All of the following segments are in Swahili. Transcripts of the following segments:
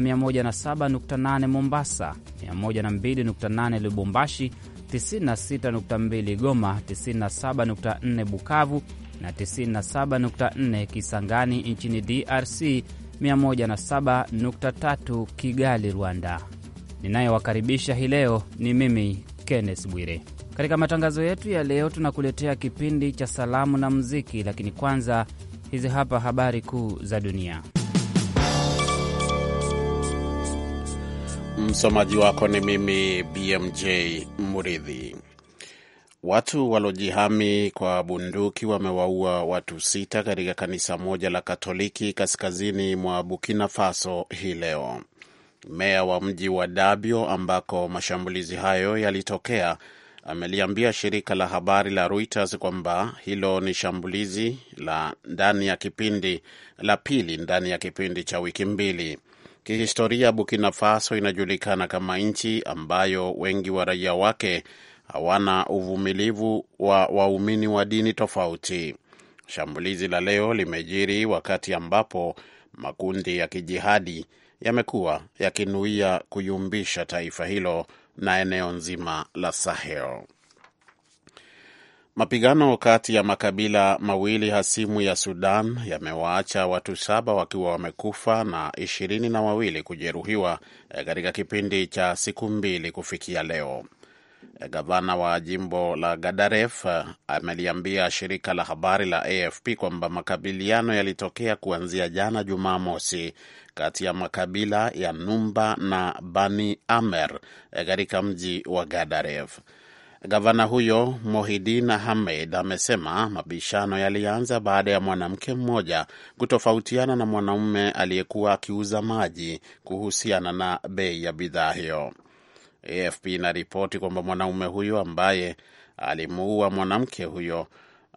na 107.8 Mombasa, 102.8 Lubumbashi, 96.2 Goma, 97.4 Bukavu na 97.4 Kisangani nchini DRC, 107.3 Kigali, Rwanda. Ninayewakaribisha hii leo ni mimi Kenneth Bwire. Katika matangazo yetu ya leo tunakuletea kipindi cha salamu na muziki, lakini kwanza hizi hapa habari kuu za dunia. Msomaji wako ni mimi BMJ Muridhi. Watu walojihami kwa bunduki wamewaua watu sita katika kanisa moja la Katoliki kaskazini mwa Burkina Faso hii leo. Meya wa mji wa Dabio ambako mashambulizi hayo yalitokea ameliambia shirika la habari la Reuters kwamba hilo ni shambulizi la ndani ya kipindi la pili ndani ya kipindi cha wiki mbili. Kihistoria, Burkina Faso inajulikana kama nchi ambayo wengi wa raia wake hawana uvumilivu wa waumini wa dini tofauti. Shambulizi la leo limejiri wakati ambapo makundi ya kijihadi yamekuwa yakinuia kuyumbisha taifa hilo na eneo nzima la Sahel. Mapigano kati ya makabila mawili hasimu ya Sudan yamewaacha watu saba wakiwa wamekufa na ishirini na wawili kujeruhiwa eh, katika kipindi cha siku mbili kufikia leo. Eh, gavana wa jimbo la Gadaref eh, ameliambia shirika la habari la AFP kwamba makabiliano yalitokea kuanzia jana Jumamosi kati ya makabila ya Numba na Bani Amer katika mji wa Gadaref. Gavana huyo Mohidin Ahmed amesema mabishano yalianza baada ya mwanamke mmoja kutofautiana na mwanaume aliyekuwa akiuza maji kuhusiana na bei ya bidhaa hiyo. AFP inaripoti kwamba mwanaume huyo ambaye alimuua mwanamke huyo,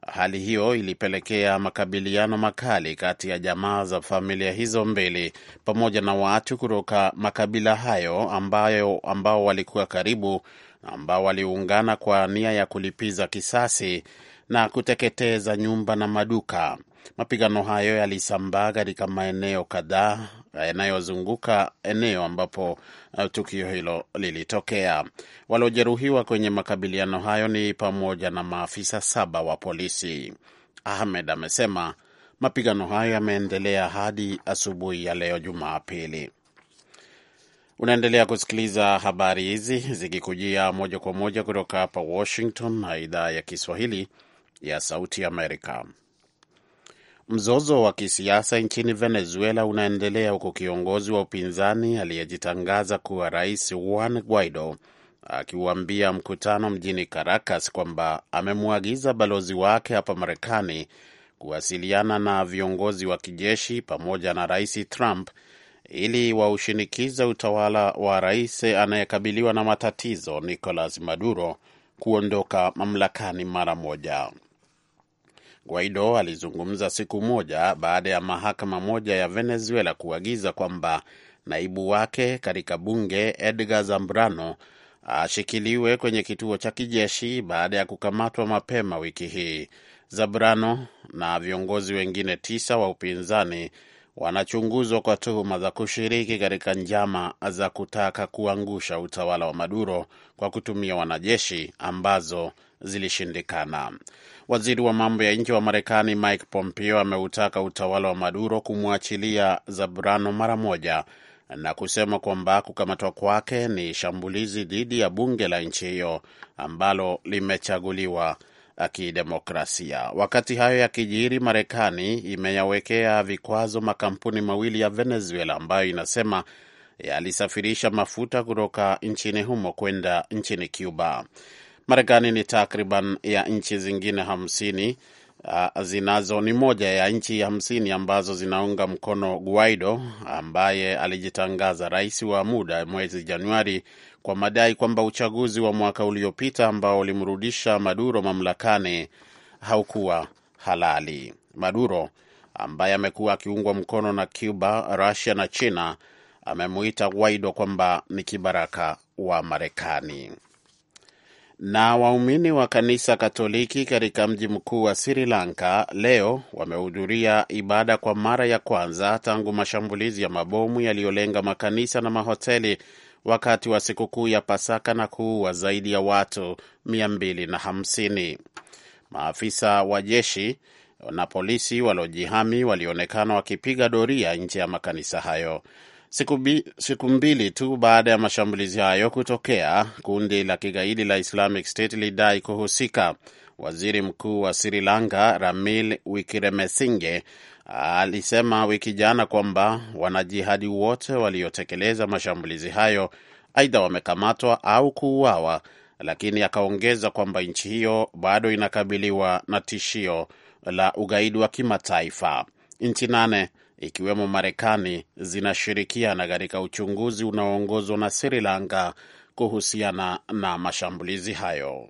hali hiyo ilipelekea makabiliano makali kati ya jamaa za familia hizo mbili pamoja na watu kutoka makabila hayo ambayo ambao walikuwa karibu ambao waliungana kwa nia ya kulipiza kisasi na kuteketeza nyumba na maduka. Mapigano hayo yalisambaa katika maeneo kadhaa yanayozunguka eneo ambapo uh, tukio hilo lilitokea. Waliojeruhiwa kwenye makabiliano hayo ni pamoja na maafisa saba wa polisi. Ahmed amesema mapigano hayo yameendelea hadi asubuhi ya leo Jumapili. Unaendelea kusikiliza habari hizi zikikujia moja kwa moja kutoka hapa Washington na idhaa ya Kiswahili ya Sauti Amerika. Mzozo wa kisiasa nchini Venezuela unaendelea huku kiongozi wa upinzani aliyejitangaza kuwa rais Juan Guaido akiuambia mkutano mjini Caracas kwamba amemwagiza balozi wake hapa Marekani kuwasiliana na viongozi wa kijeshi pamoja na rais Trump ili waushinikize utawala wa rais anayekabiliwa na matatizo Nicolas Maduro kuondoka mamlakani mara moja. Guaido alizungumza siku moja baada ya mahakama moja ya Venezuela kuagiza kwamba naibu wake katika bunge Edgar Zambrano ashikiliwe kwenye kituo cha kijeshi baada ya kukamatwa mapema wiki hii. Zambrano na viongozi wengine tisa wa upinzani wanachunguzwa kwa tuhuma za kushiriki katika njama za kutaka kuangusha utawala wa Maduro kwa kutumia wanajeshi ambazo zilishindikana. Waziri wa mambo ya nje wa Marekani Mike Pompeo ameutaka utawala wa Maduro kumwachilia Zabrano mara moja na kusema kwamba kukamatwa kwake ni shambulizi dhidi ya bunge la nchi hiyo ambalo limechaguliwa kidemokrasia. Wakati hayo yakijiri, Marekani imeyawekea vikwazo makampuni mawili ya Venezuela ambayo inasema yalisafirisha mafuta kutoka nchini humo kwenda nchini Cuba. Marekani ni takriban ya nchi zingine hamsini zinazo ni moja ya nchi hamsini ambazo zinaunga mkono Guaido ambaye alijitangaza rais wa muda mwezi Januari kwa madai kwamba uchaguzi wa mwaka uliopita ambao ulimrudisha Maduro mamlakani haukuwa halali. Maduro ambaye amekuwa akiungwa mkono na Cuba, Russia na China amemuita Guaido kwamba ni kibaraka wa Marekani. Na waumini wa kanisa Katoliki katika mji mkuu wa Sri Lanka leo wamehudhuria ibada kwa mara ya kwanza tangu mashambulizi ya mabomu yaliyolenga makanisa na mahoteli wakati wa sikukuu ya Pasaka na kuua zaidi ya watu 250. Maafisa wa jeshi na polisi waliojihami walionekana wakipiga doria nje ya makanisa hayo. Siku, bi, siku mbili tu baada ya mashambulizi hayo kutokea, kundi la kigaidi la Islamic State lidai kuhusika. Waziri Mkuu wa Sri Lanka ramil wikiremesinge alisema wiki jana kwamba wanajihadi wote waliotekeleza mashambulizi hayo aidha wamekamatwa au kuuawa, lakini akaongeza kwamba nchi hiyo bado inakabiliwa na tishio la ugaidi wa kimataifa. Nchi nane ikiwemo Marekani zinashirikiana katika uchunguzi unaoongozwa na Sri Lanka kuhusiana na mashambulizi hayo.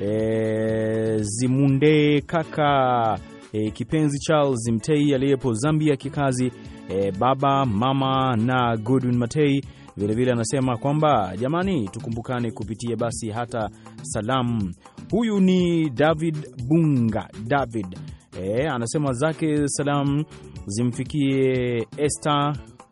e, Zimunde kaka e, kipenzi Charles Mtei aliyepo Zambia kikazi e, baba mama na Godwin Matei vilevile anasema kwamba jamani, tukumbukane kupitia basi hata salamu. Huyu ni David Bunga David e, anasema zake salamu zimfikie Esther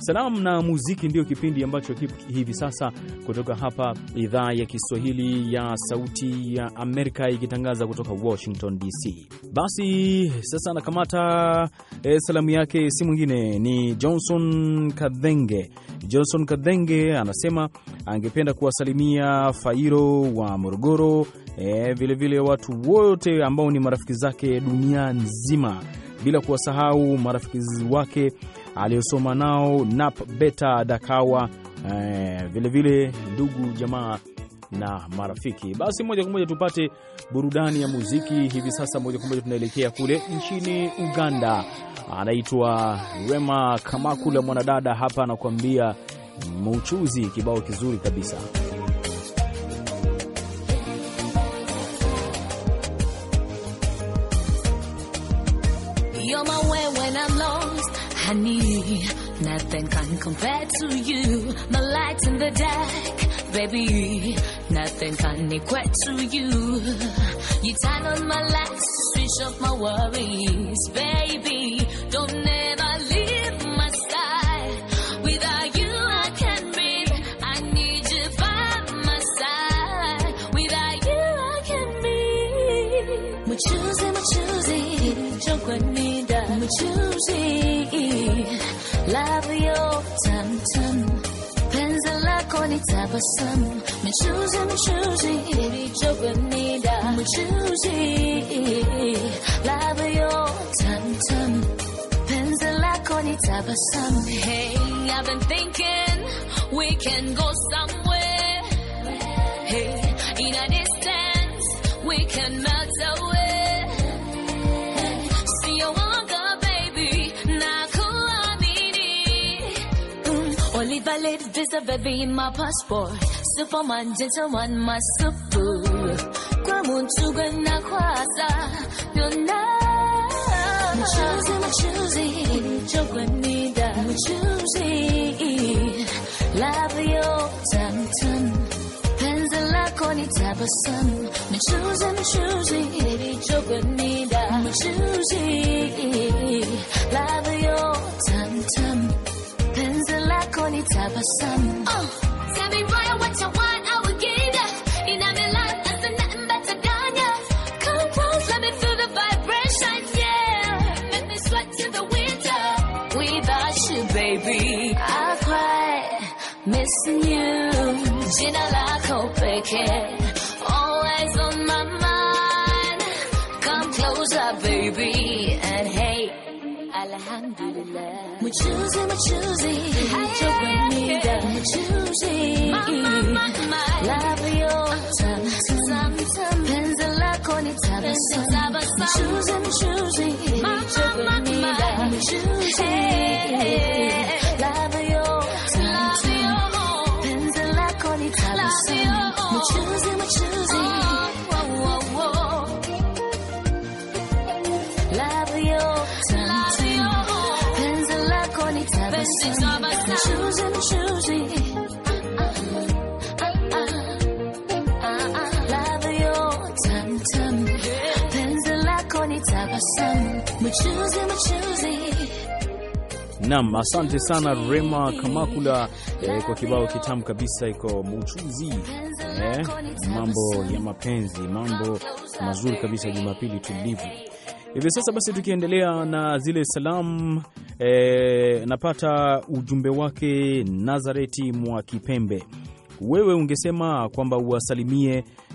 Salamu na muziki ndio kipindi ambacho kipo hivi sasa kutoka hapa idhaa ya Kiswahili ya Sauti ya Amerika ikitangaza kutoka Washington DC. Basi sasa nakamata e, salamu yake si mwingine ni Johnson Kadhenge. Johnson Kadhenge anasema angependa kuwasalimia Fairo wa Morogoro, vilevile vilevile watu wote ambao ni marafiki zake dunia nzima bila kuwasahau marafiki wake aliyosoma nao Nap Beta Dakawa, vilevile eh, vile ndugu jamaa na marafiki. Basi moja kwa moja tupate burudani ya muziki hivi sasa. Moja kwa moja tunaelekea kule nchini Uganda. Anaitwa Rema Kamakula, mwanadada hapa anakuambia mchuzi, kibao kizuri kabisa. honey. Nothing can compare to you. My light in the dark, baby. Nothing can equate to you. You turn on my lights, switch off my worries, baby. Don't ever 没咋把什么，没出息没出息，也比这个你大没出息，来吧哟，谈谈。Pensa la hey I've been thinking we can go somewhere hey in a distance we can melt away Fizz a baby in my passport. Superman, gentleman, my super. Kwamun tuga na kwasa. Yona. I'm choosing, I'm choosing. Joke with me, choosing. Love you, tum tum. Pencil like on it, tap sun. I'm choosing, I'm choosing. Baby, joke with me, I'm choosing. Love you, tum tum lako nitabasamu. Oh, tell me why what you want. Alhamdulillah Majuzi, choosing. My, My my my. Love time. Penzi lako ni tabasamu Nam, asante sana Rema Kamakula eh, kwa kibao kitamu kabisa iko muchuzi eh, mambo ya mapenzi, mambo mazuri kabisa, Jumapili tulivu. Hivi sasa basi, tukiendelea na zile salamu e, napata ujumbe wake Nazareti mwa Kipembe. Wewe ungesema kwamba uwasalimie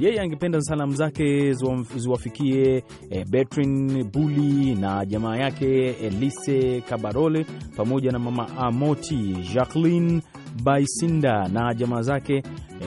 yeye angependa salamu zake ziwafikie e, eh, Betrin Buli na jamaa yake Elise Kabarole pamoja na mama Amoti Jacqueline Baisinda na jamaa zake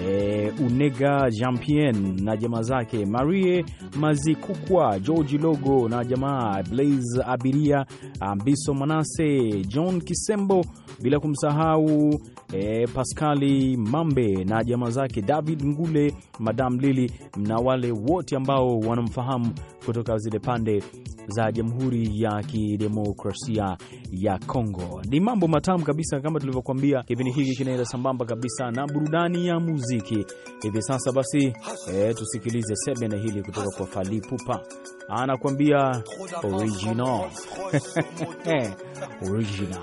e, Unega Jampien na jamaa zake, Marie Mazikukwa, George Logo na jamaa, Blaze Abiria, Ambiso Manase, John Kisembo, bila kumsahau e, eh, Paskali Mambe na jamaa zake, David Ngule, Madam Lili na wale wote ambao wanamfahamu kutoka zile pande za Jamhuri ya Kidemokrasia ya Kongo. Ni mambo matamu kabisa, kama tulivyokuambia, kipindi hiki kinaenda sambamba kabisa na burudani ya muziki hivi sasa. Basi e, tusikilize sebene hili kutoka kwa falipupa Ipupa, anakuambia original original.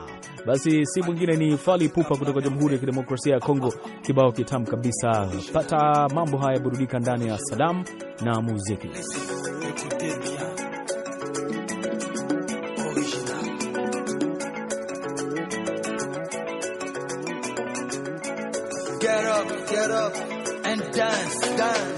Basi si mwingine ni Fali Pupa kutoka Jamhuri ya Kidemokrasia ya Kongo, kibao kitamu kabisa. Pata mambo haya, burudika ndani ya salamu na muziki. dance, dance.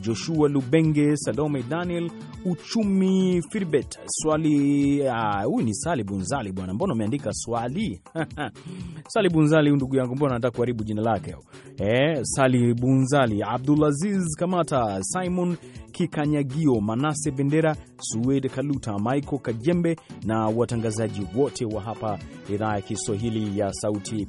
Joshua Lubenge, Salome Daniel Uchumi Firbet swali. Ah, huyu uh, ni Sali Bunzali bwana, mbona umeandika swali? Sali Bunzali ndugu yangu, mbona nataka kuharibu jina lake eh? Sali Bunzali, Abdulaziz Kamata, Simon Kikanyagio, Manase Bendera, Suede Kaluta, Michael Kajembe na watangazaji wote wa hapa idhaa ya Kiswahili ya Sauti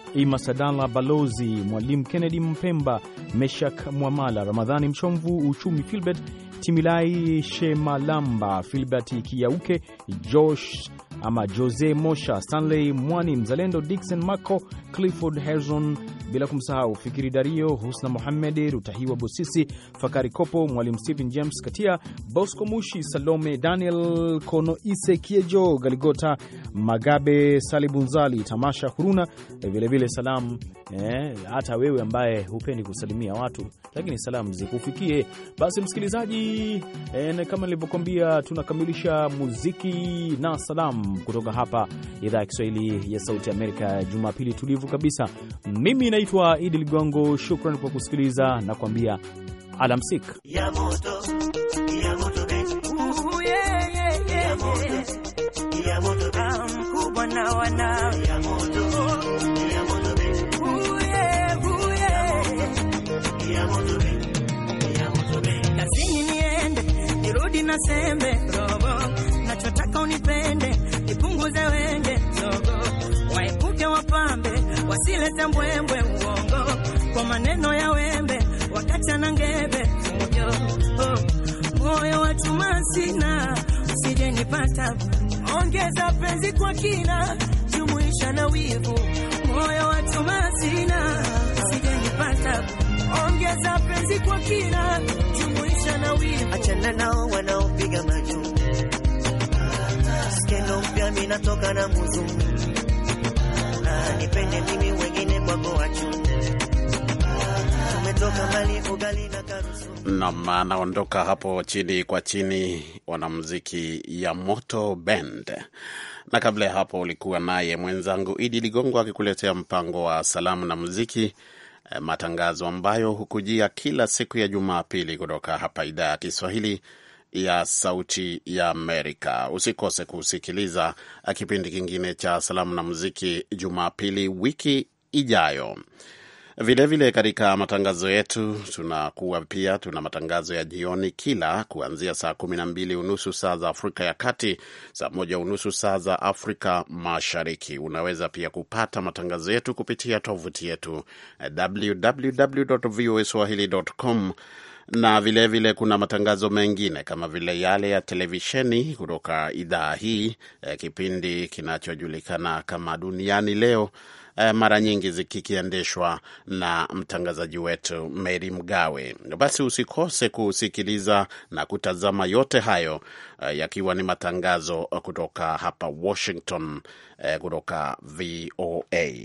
Ima Sadala, Balozi Mwalimu Kennedy Mpemba, Meshak Mwamala, Ramadhani Mchomvu, Uchumi Filbert Timilai Shemalamba, Filbert Kiauke, Josh ama Jose Mosha, Stanley Mwani, Mzalendo Dixon Marco, Clifford Herzon, bila kumsahau Fikiri Dario, Husna Mohamed, Rutahiwa Bosisi, Fakari Kopo, Mwalimu Stephen James Katia, Bosco Mushi, Salome Daniel Konoise, Kiejo Galigota, Magabe Salibunzali, Tamasha Huruna, vilevile eh, salamu eh, hata wewe ambaye hupendi kusalimia watu lakini salamu zikufikie basi msikilizaji eh, kama nilivyokuambia tunakamilisha muziki na salamu kutoka hapa idhaa ya Kiswahili ya Sauti ya Amerika, Jumapili tulivu kabisa. Mimi naitwa Idi Ligongo, shukran kwa kusikiliza na kuambia alamsik kazini niende nirudi wasilete mbwembwe uongo kwa maneno ya wembe wakati na ngebe fujo oh, Moyo wa chuma sina usije nipata, ongeza penzi kwa kina, jumuisha na wivu. Moyo wa chuma sina usije nipata, ongeza penzi kwa kina, jumuisha na wivu. Achana nao wanaopiga macho skendo mpya, minatoka na muzungu nipende mimi, wengine wachunde. Nam anaondoka hapo chini kwa chini, wanamuziki ya Moto Bend. Na kabla ya hapo ulikuwa naye mwenzangu Idi Ligongo akikuletea mpango wa salamu na muziki, eh, matangazo ambayo hukujia kila siku ya Jumapili kutoka hapa idhaa ya Kiswahili ya Sauti ya Amerika. Usikose kusikiliza kipindi kingine cha Salamu na Muziki Jumapili wiki ijayo. Vilevile katika matangazo yetu tunakuwa pia tuna matangazo ya jioni kila kuanzia saa kumi na mbili unusu saa za Afrika ya Kati, saa moja unusu saa za Afrika Mashariki. Unaweza pia kupata matangazo yetu kupitia tovuti yetu www voa swahili.com na vilevile vile kuna matangazo mengine kama vile yale ya televisheni kutoka idhaa hii, eh, kipindi kinachojulikana kama Duniani Leo, eh, mara nyingi zikikiendeshwa na mtangazaji wetu Mary Mgawe. Basi usikose kusikiliza na kutazama yote hayo eh, yakiwa ni matangazo kutoka hapa Washington, kutoka VOA.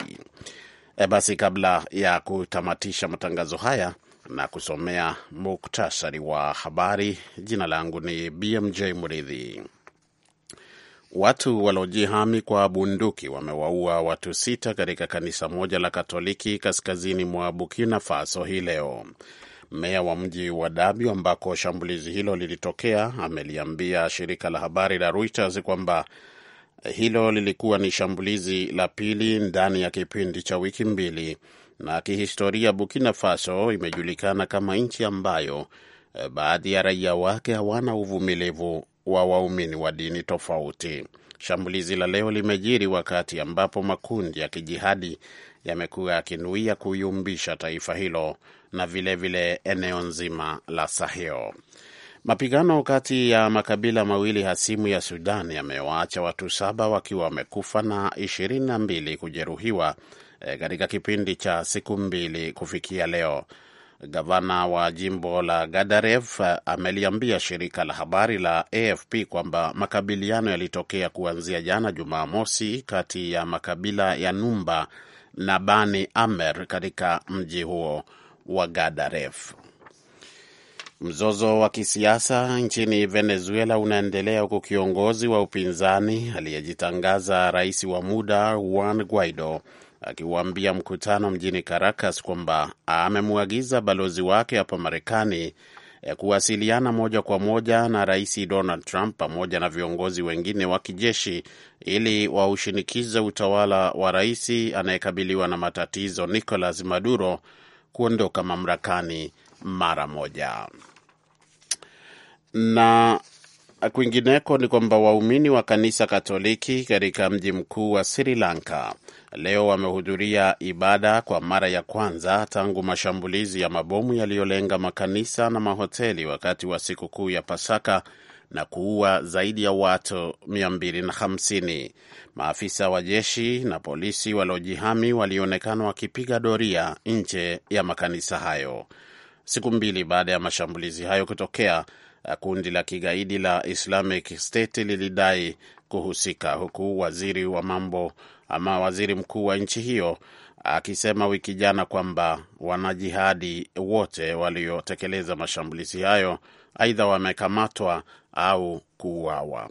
Basi kabla ya kutamatisha matangazo haya na kusomea muktasari wa habari. Jina langu ni BMJ Mridhi. Watu waliojihami kwa bunduki wamewaua watu sita katika kanisa moja la Katoliki kaskazini mwa Burkina Faso hii leo. Meya wa mji wa Dabi ambako shambulizi hilo lilitokea ameliambia shirika la habari la Reuters kwamba hilo lilikuwa ni shambulizi la pili ndani ya kipindi cha wiki mbili, na kihistoria Burkina Faso imejulikana kama nchi ambayo eh, baadhi ya raia wake hawana uvumilivu wa waumini wa dini tofauti. Shambulizi la leo limejiri wakati ambapo makundi ya kijihadi yamekuwa yakinuia kuyumbisha taifa hilo na vilevile vile eneo nzima la Sahel. Mapigano kati ya makabila mawili hasimu ya Sudan yamewaacha watu saba wakiwa wamekufa na ishirini na mbili kujeruhiwa eh, katika e, kipindi cha siku mbili kufikia leo. Gavana wa jimbo la Gadaref eh, ameliambia shirika la habari la AFP kwamba makabiliano yalitokea kuanzia jana Jumamosi kati ya makabila ya Numba na Bani Amer katika mji huo wa Gadaref. Mzozo wa kisiasa nchini Venezuela unaendelea huku kiongozi wa upinzani aliyejitangaza rais wa muda Juan Guaido akiwaambia mkutano mjini Caracas kwamba amemwagiza balozi wake hapa Marekani eh, kuwasiliana moja kwa moja na rais Donald Trump pamoja na viongozi wengine wa kijeshi ili waushinikize utawala wa rais anayekabiliwa na matatizo Nicolas Maduro kuondoka mamlakani mara moja. Na kwingineko ni kwamba waumini wa kanisa Katoliki katika mji mkuu wa Sri Lanka leo wamehudhuria ibada kwa mara ya kwanza tangu mashambulizi ya mabomu yaliyolenga makanisa na mahoteli wakati wa sikukuu ya Pasaka na kuua zaidi ya watu 250. Maafisa wa jeshi na polisi waliojihami walionekana wakipiga doria nje ya makanisa hayo siku mbili baada ya mashambulizi hayo kutokea. Kundi la kigaidi la Islamic State lilidai kuhusika, huku waziri wa mambo ama waziri mkuu wa nchi hiyo akisema wiki jana kwamba wanajihadi wote waliotekeleza mashambulizi hayo aidha wamekamatwa au kuuawa.